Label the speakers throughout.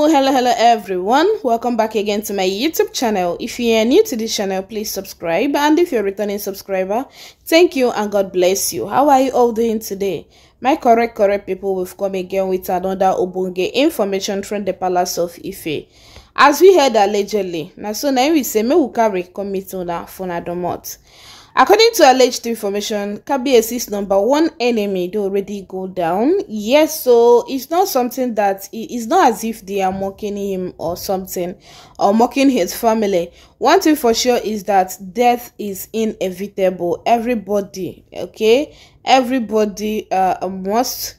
Speaker 1: hello hello hello everyone welcome back again to my youtube channel if you are new to this channel please subscribe and if you're a returning subscriber thank you and god bless you how are you all doing today my correct correct people we've come again with another obonge information from the palace of ife as we heard allegedly now so now we say me will carry come meet on that According to alleged information, KBS's number one enemy they already go down. Yes, so it's not something that it's not as if they are mocking him or something or mocking his family. One thing for sure is that death is inevitable. Everybody, okay, everybody uh, must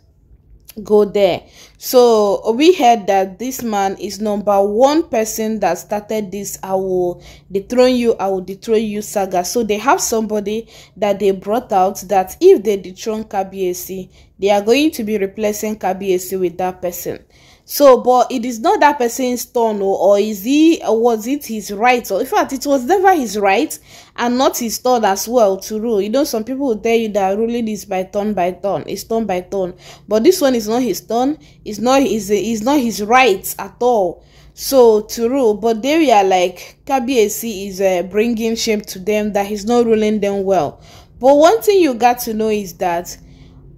Speaker 1: go there so we heard that this man is number one person that started this i will dethrone you i will dethrone you saga so they have somebody that they brought out that if they dethrone kbac they are going to be replacing kbac with that person So, but it is not that person's turn, or, oh, or is he, or was it his right? Or in fact, it was never his right and not his turn as well to rule. You know, some people will tell you that ruling is by turn by turn, it's turn by turn. But this one is not his turn, it's not his, it's not his right at all. So to rule, but they are. like KBAC is uh, bringing shame to them that he's not ruling them well. But one thing you got to know is that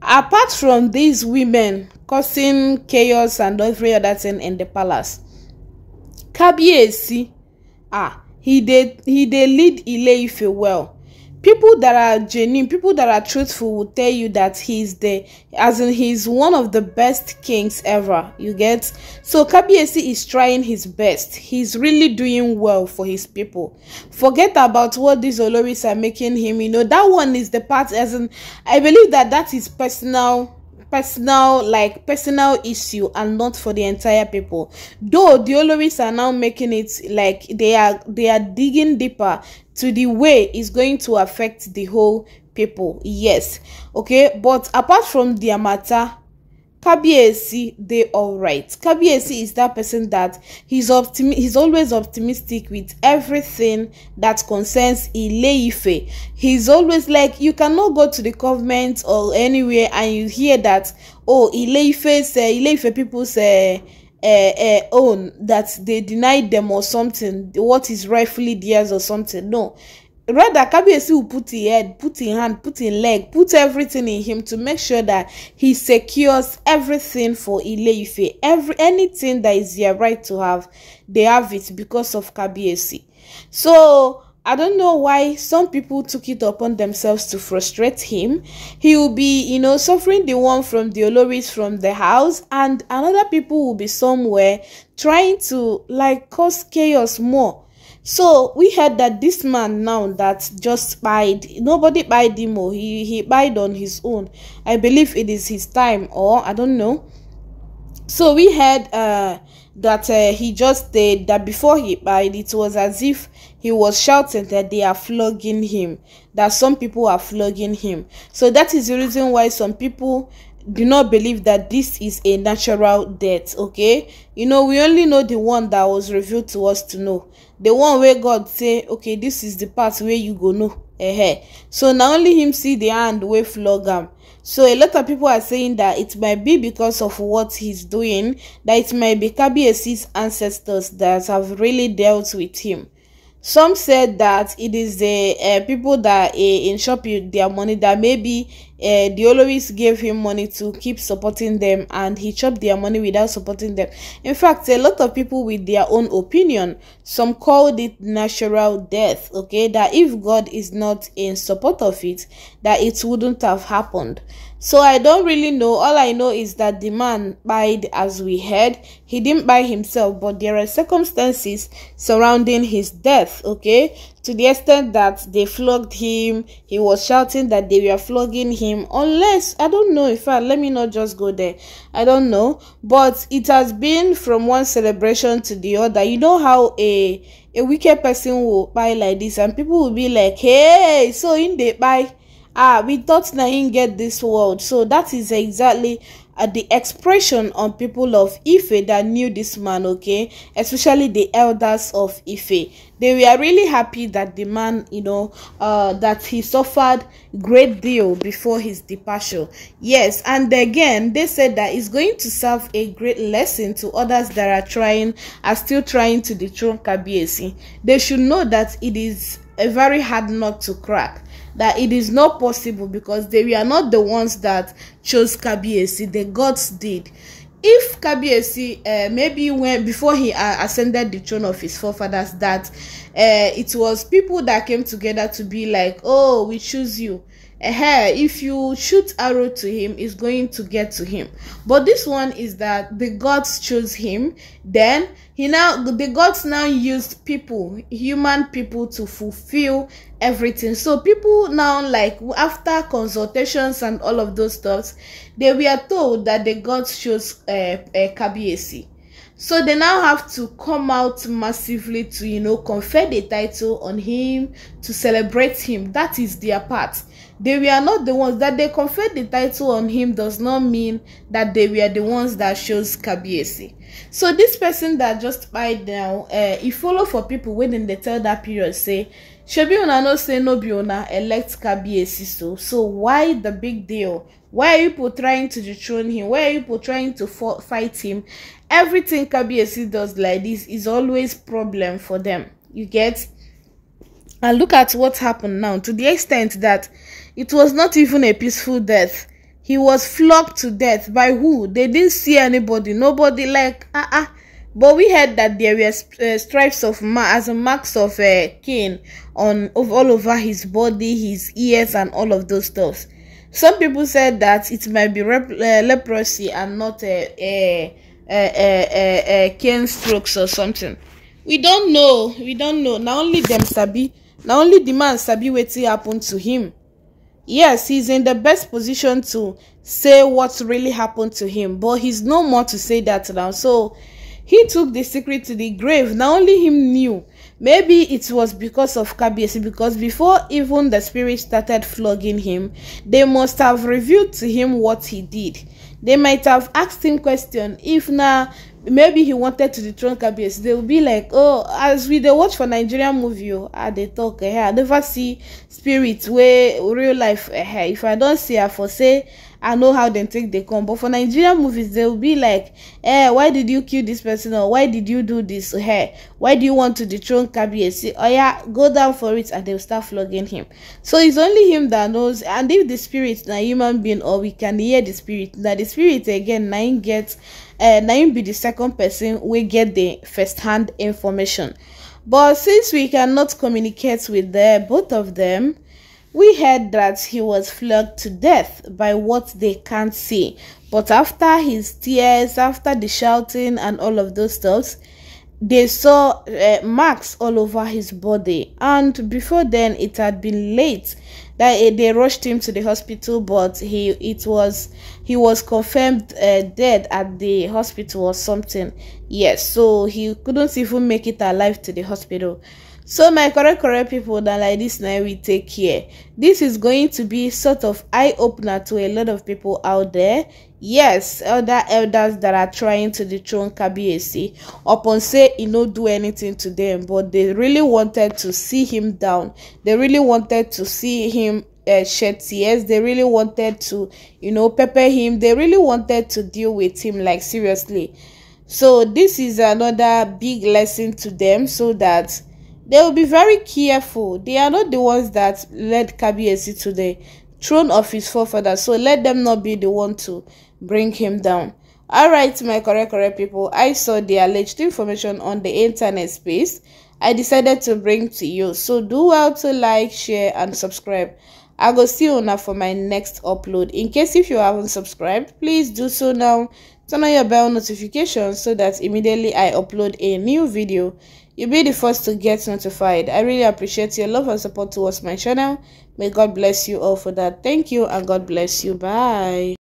Speaker 1: apart from these women causing chaos and every other thing in the palace. Kabiesi, ah, he did he did lead Ileife well. People that are genuine, people that are truthful will tell you that he's the as in he's one of the best kings ever. You get so Kabiesi is trying his best. He's really doing well for his people. Forget about what these Oloris are making him. You know that one is the part as in I believe that that is personal personal like personal issue and not for the entire people though the olorins are now making it like they are they are digging deeper to the way it's going to affect the whole people yes okay but apart from their matter Kabiesi, they all right. Kabiesi is that person that he's optimi- he's always optimistic with everything that concerns Ileife. He's always like you cannot go to the government or anywhere and you hear that oh Ileife's uh, Ileife people's uh, uh, uh, own that they denied them or something what is rightfully theirs or something. No, rather kabiyesi will put him head put him hand put him leg put everything in him to make sure that he secures everything for ile-ife every anything that is their right to have they have it because of kabiyesi so I don't know why some people took it upon themselves to frustrate him. He will be, you know, suffering the one from the Oloris from the house, and another people will be somewhere trying to like cause chaos more. So we heard that this man now that just spied, nobody spied him or oh, he, he spied on his own. I believe it is his time or I don't know. So we heard uh, that uh, he just said that before he spied, it was as if he was shouting that they are flogging him, that some people are flogging him. So that is the reason why some people do not believe that this is a natural death okay you know we only know the one that was revealed to us to know the one where god say okay this is the part where you go know eh so na only him see the hand wey flog am so a lot of people are saying that it might be because of what he's doing that it might be kabiesi's ancestors that have really dealt with him some said that it is the uh, people that uh, in shop their money that maybe uh, the Oloris gave him money to keep supporting them and he chopped their money without supporting them. In fact, a lot of people with their own opinion, some called it natural death, okay, that if God is not in support of it, that it wouldn't have happened. So I don't really know. All I know is that the man died as we heard. He didn't buy himself, but there are circumstances surrounding his death, okay? to the extent that they flogged him he was shouting that they were flogging him unless i don't know in fact let me not just go there i don't know but it has been from one celebration to the other you know how a a wicked person will buy like this and people will be like hey so in they buy ah we thought na him get this world so that is exactly at the expression on people of Ife that knew this man, okay, especially the elders of Ife. They were really happy that the man, you know, uh, that he suffered great deal before his departure. Yes, and again, they said that it's going to serve a great lesson to others that are trying, are still trying to dethrone Kabiesi. They should know that it is a very hard nut to crack that it is not possible because they were not the ones that chose Kabiesi. The gods did. If Kabiesi, uh, eh, maybe when before he uh, ascended the throne of his forefathers, that uh, it was people that came together to be like, oh, we choose you uh, if you shoot arrow to him it's going to get to him but this one is that the gods chose him then he now the gods now used people human people to fulfill everything so people now like after consultations and all of those stuffs they were told that the gods chose uh, eh, uh, eh, kabiesi So they now have to come out massively to, you know, confer the title on him, to celebrate him. That is their part. They were not the ones that they conferred the title on him does not mean that they were the ones that chose Kabiesi. So this person that just by now, uh, he follow for people within they tell that period say shebi una know say no be una elect kabiyesi so so why the big deal why are people trying to dethrone him why are people trying to fight him everything kabiyesi does like this is always problem for them you get and look at what happened now to the extent that it was not even a peaceful death he was flogged to death by who they didn't see anybody nobody like ah uh ah -uh. But we heard that there were uh, stripes of ma as marks of uh, cane on of all over his body, his ears, and all of those stuff. Some people said that it might be uh, leprosy and not a a a cane strokes or something. We don't know. We don't know. Not only them sabi. Not only the man sabi wetin happened to him. Yes, he's in the best position to say what really happened to him, but he's no more to say that now. So He took the secret to the grave. Now only him knew. Maybe it was because of Kabiesi, because before even the spirit started flogging him, they must have revealed to him what he did. They might have asked him question. If now maybe he wanted to dethrone Kabiesi, they would be like, oh, as we they watch for Nigerian movie, oh, ah, they talk, eh, I never see spirits where real life, eh, eh if I don't see, I for say, i know how dem take dey come but for nigerian movies They will be like eh why did you kill this person or why did you do this? eh why do you want to dethrone kabiyesi oya oh, go down for it and dem start flogging him so it's only him that knows and if the spirit na human being or we can hear the spirit na the spirit again na him get uh, na him be the second person wey get the first hand information but since we cannot communicate with the both of them We heard that he was flogged to death by what they can't see. But after his tears, after the shouting and all of those stuffs, they saw uh, marks all over his body. And before then, it had been late that uh, they rushed him to the hospital, but he it was he was confirmed uh, dead at the hospital or something. Yes, so he couldn't even make it alive to the hospital. so my correct correct people that like this now we take care this is going to be sort of eye-opener to a lot of people out there yes other elders that are trying to dethrone kbac upon say he no do anything to them but they really wanted to see him down they really wanted to see him uh, shed tears they really wanted to you know pepper him they really wanted to deal with him like seriously so this is another big lesson to them so that they will be very careful. They are not the ones that led Kabiesi to the throne of his forefathers. So let them not be the one to bring him down. Alright, my correct correct people, I saw the alleged information on the internet space. I decided to bring to you. So do well to like, share, and subscribe. I will see you now for my next upload. In case if you haven't subscribed, please do so now. Turn on your bell notification so that immediately I upload a new video, You'll be the first to get notified. I really appreciate your love and support towards my channel. May God bless you all for that. Thank you and God bless you. Bye.